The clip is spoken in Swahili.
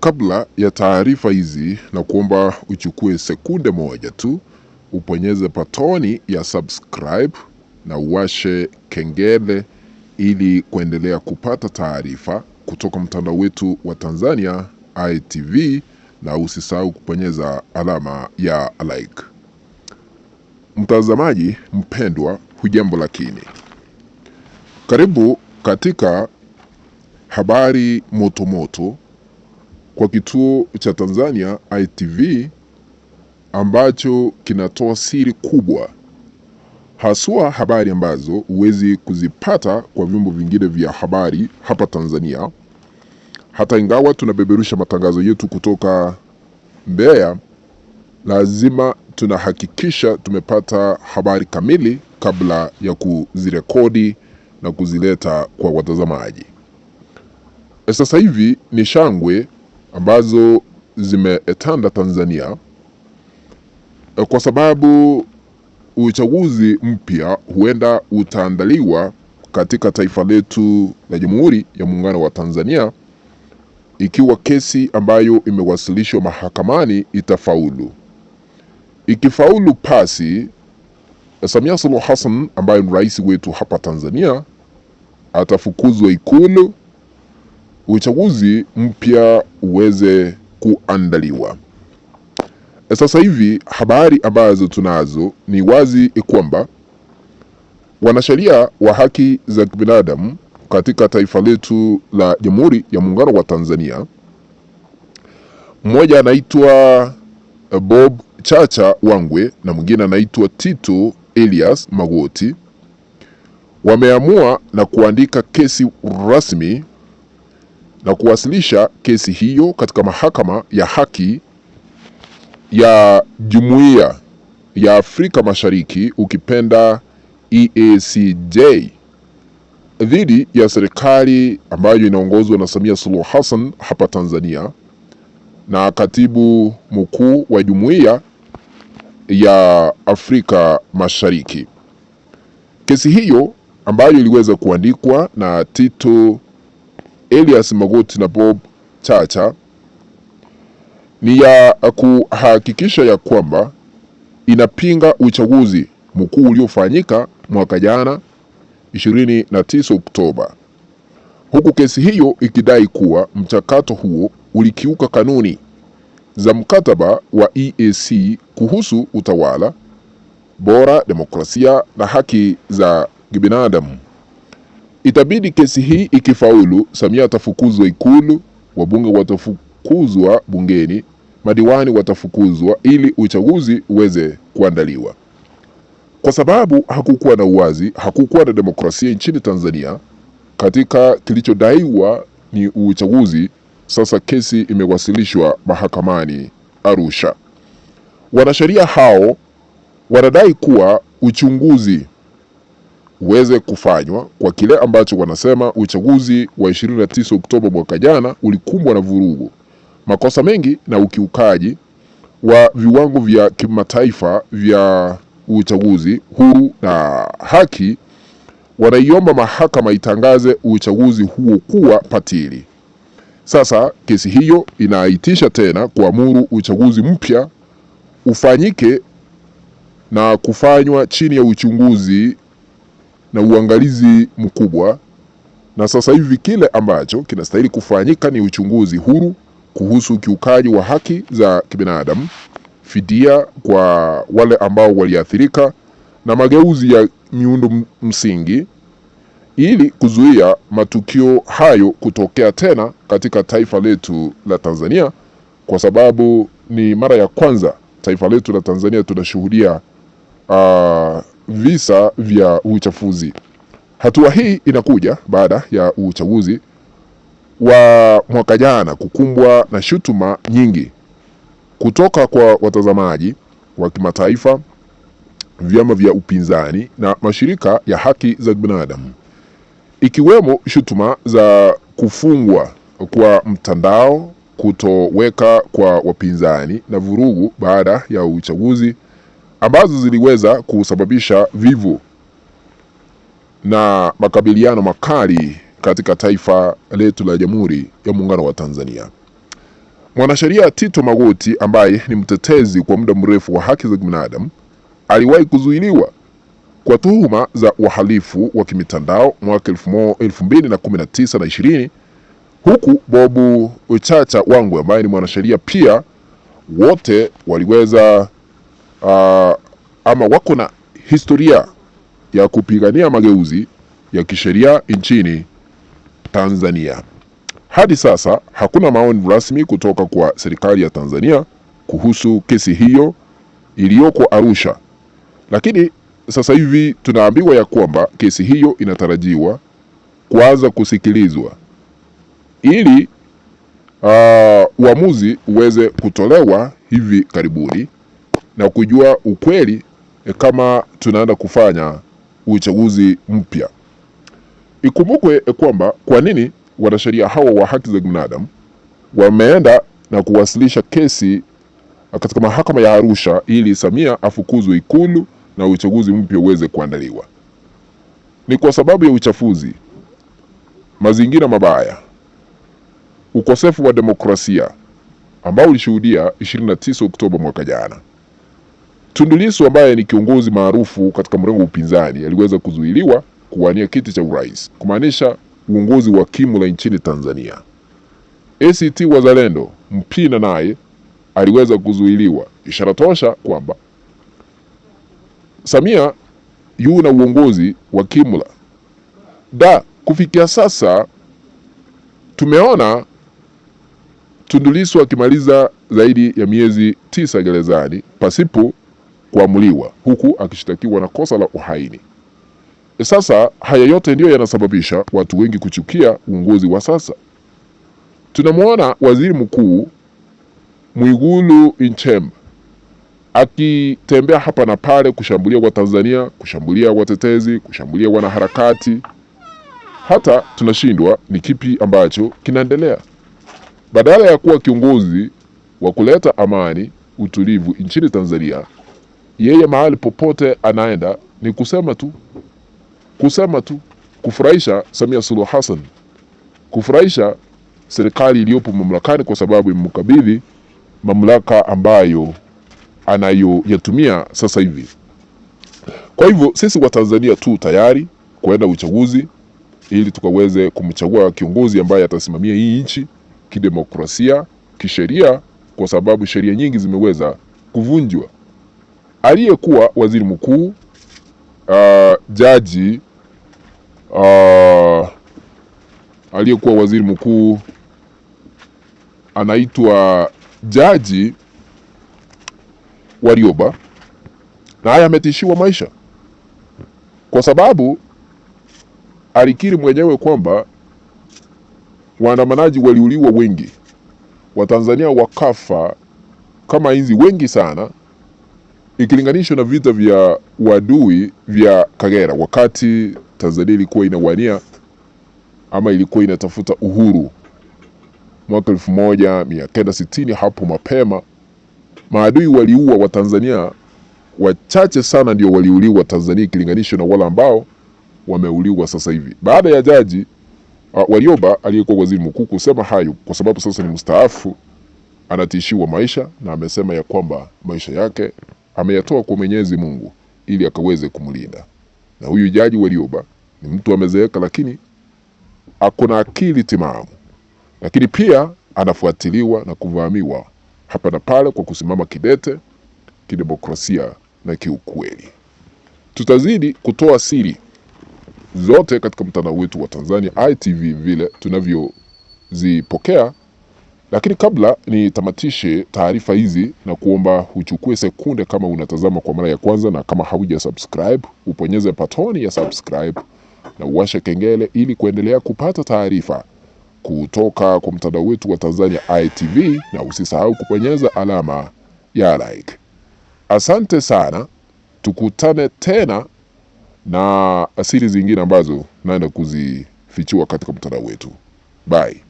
Kabla ya taarifa hizi, na kuomba uchukue sekunde moja tu uponyeze patoni ya subscribe na uwashe kengele ili kuendelea kupata taarifa kutoka mtandao wetu wa Tanzania ITV, na usisahau kuponyeza alama ya like. Mtazamaji mpendwa, hujambo, lakini karibu katika habari motomoto kwa kituo cha Tanzania ITV ambacho kinatoa siri kubwa, haswa habari ambazo huwezi kuzipata kwa vyombo vingine vya habari hapa Tanzania. Hata ingawa tunabeberusha matangazo yetu kutoka Mbeya, lazima tunahakikisha tumepata habari kamili kabla ya kuzirekodi na kuzileta kwa watazamaji. Sasa hivi ni shangwe ambazo zimetanda Tanzania eh, kwa sababu uchaguzi mpya huenda utaandaliwa katika taifa letu la Jamhuri ya Muungano wa Tanzania ikiwa kesi ambayo imewasilishwa mahakamani itafaulu. Ikifaulu pasi, eh, Samia Suluhu Hassan ambaye ni rais wetu hapa Tanzania atafukuzwa Ikulu uchaguzi mpya uweze kuandaliwa. E, sasa hivi habari ambazo tunazo ni wazi kwamba wanasheria wa haki za kibinadamu katika taifa letu la Jamhuri ya Muungano wa Tanzania, mmoja anaitwa eh, Bob Chacha Wangwe na mwingine anaitwa Tito Elias Magoti, wameamua na kuandika kesi rasmi na kuwasilisha kesi hiyo katika mahakama ya haki ya Jumuiya ya Afrika Mashariki ukipenda EACJ dhidi ya serikali ambayo inaongozwa na Samia Suluhu Hassan hapa Tanzania na katibu mkuu wa Jumuiya ya Afrika Mashariki. Kesi hiyo ambayo iliweza kuandikwa na Tito Elias Magoti na Bob Chacha ni ya kuhakikisha ya kwamba inapinga uchaguzi mkuu uliofanyika mwaka jana 29 Oktoba, huku kesi hiyo ikidai kuwa mchakato huo ulikiuka kanuni za mkataba wa EAC kuhusu utawala bora, demokrasia na haki za kibinadamu. Itabidi kesi hii ikifaulu, Samia atafukuzwa Ikulu, wabunge watafukuzwa bungeni, madiwani watafukuzwa ili uchaguzi uweze kuandaliwa, kwa sababu hakukuwa na uwazi, hakukuwa na demokrasia nchini Tanzania katika kilichodaiwa ni uchaguzi. Sasa kesi imewasilishwa mahakamani Arusha. Wanasheria hao wanadai kuwa uchunguzi uweze kufanywa kwa kile ambacho wanasema uchaguzi wa 29 Oktoba mwaka jana ulikumbwa na vurugu, makosa mengi na ukiukaji wa viwango vya kimataifa vya uchaguzi huru na haki. Wanaiomba mahakama itangaze uchaguzi huo kuwa patili. Sasa kesi hiyo inaitisha tena kuamuru uchaguzi mpya ufanyike na kufanywa chini ya uchunguzi na uangalizi mkubwa, na sasa hivi kile ambacho kinastahili kufanyika ni uchunguzi huru kuhusu ukiukaji wa haki za kibinadamu, fidia kwa wale ambao waliathirika, na mageuzi ya miundo msingi ili kuzuia matukio hayo kutokea tena katika taifa letu la Tanzania, kwa sababu ni mara ya kwanza taifa letu la Tanzania tunashuhudia uh, visa vya uchafuzi. Hatua hii inakuja baada ya uchaguzi wa mwaka jana kukumbwa na shutuma nyingi kutoka kwa watazamaji wa kimataifa, vyama vya upinzani na mashirika ya haki za binadamu, ikiwemo shutuma za kufungwa kwa mtandao, kutoweka kwa wapinzani na vurugu baada ya uchaguzi ambazo ziliweza kusababisha vivu na makabiliano makali katika taifa letu la Jamhuri ya Muungano wa Tanzania. Mwanasheria Tito Magoti ambaye ni mtetezi kwa muda mrefu wa haki za binadamu aliwahi kuzuiliwa kwa tuhuma za uhalifu wa kimitandao mwaka 2019 na 20 huku Bobu Chacha Wangwe ambaye ni mwanasheria pia, wote waliweza uh, ama wako na historia ya kupigania mageuzi ya kisheria nchini Tanzania. Hadi sasa hakuna maoni rasmi kutoka kwa serikali ya Tanzania kuhusu kesi hiyo iliyoko Arusha, lakini sasa hivi tunaambiwa ya kwamba kesi hiyo inatarajiwa kuanza kusikilizwa ili uh, uamuzi uweze kutolewa hivi karibuni na kujua ukweli e, kama tunaenda kufanya uchaguzi mpya. Ikumbukwe e, kwamba kwa nini wanasheria hawa wa haki za binadamu wameenda na kuwasilisha kesi e, katika mahakama ya Arusha ili Samia afukuzwe Ikulu na uchaguzi mpya uweze kuandaliwa. Ni kwa sababu ya uchafuzi, mazingira mabaya, ukosefu wa demokrasia ambao ulishuhudia 29 Oktoba mwaka jana. Tundu Lissu ambaye ni kiongozi maarufu katika mrengo wa upinzani aliweza kuzuiliwa kuwania kiti cha urais, kumaanisha uongozi wa kimla nchini Tanzania. ACT Wazalendo Mpina naye aliweza kuzuiliwa, ishara tosha kwamba Samia yu na uongozi wa kimla. Da, kufikia sasa tumeona Tundu Lissu akimaliza zaidi ya miezi tisa gerezani pasipo kuamuliwa huku akishtakiwa na kosa la uhaini. Sasa haya yote ndiyo yanasababisha watu wengi kuchukia uongozi wa sasa. Tunamwona waziri mkuu Mwigulu Nchemba akitembea hapa na pale kushambulia Watanzania, kushambulia watetezi, kushambulia wanaharakati, hata tunashindwa ni kipi ambacho kinaendelea. Badala ya kuwa kiongozi wa kuleta amani, utulivu nchini Tanzania, yeye mahali popote anaenda ni kusema tu, kusema tu, kufurahisha Samia Suluhu Hassan, kufurahisha serikali iliyopo mamlakani, kwa sababu imemkabidhi mamlaka ambayo anayoyatumia sasa hivi. Kwa hivyo sisi Watanzania tu tayari kuenda uchaguzi ili tukaweze kumchagua kiongozi ambaye atasimamia hii nchi kidemokrasia, kisheria, kwa sababu sheria nyingi zimeweza kuvunjwa aliyekuwa waziri mkuu uh, jaji uh, aliyekuwa waziri mkuu anaitwa Jaji Warioba na haya ametishiwa maisha kwa sababu alikiri mwenyewe kwamba waandamanaji waliuliwa wengi, Watanzania wakafa kama inzi wengi sana ikilinganishwa na vita vya uadui vya Kagera wakati Tanzania ilikuwa inawania ama ilikuwa inatafuta uhuru mwaka 1960 hapo mapema, maadui waliua Watanzania wachache sana ndio waliuliwa Tanzania ikilinganishwa na wale ambao wameuliwa sasa hivi. Baada ya Jaji uh, Warioba aliyekuwa waziri mkuu kusema hayo, kwa sababu sasa ni mstaafu, anatishiwa maisha na amesema ya kwamba maisha yake ameyatoa kwa Mwenyezi Mungu ili akaweze kumlinda. Na huyu Jaji Warioba ni mtu amezeeka, lakini ako na akili timamu, lakini pia anafuatiliwa na kuvamiwa hapa na pale kwa kusimama kidete kidemokrasia na kiukweli. Tutazidi kutoa siri zote katika mtandao wetu wa Tanzania ITV vile tunavyozipokea lakini kabla nitamatishe taarifa hizi na kuomba uchukue sekunde, kama unatazama kwa mara ya kwanza na kama hauja subscribe, uponyeze patoni ya subscribe na uwashe kengele ili kuendelea kupata taarifa kutoka kwa mtandao wetu wa Tanzania itv na usisahau kuponyeza alama ya like. Asante sana, tukutane tena na asili zingine ambazo naenda kuzifichua katika mtandao wetu. Bye.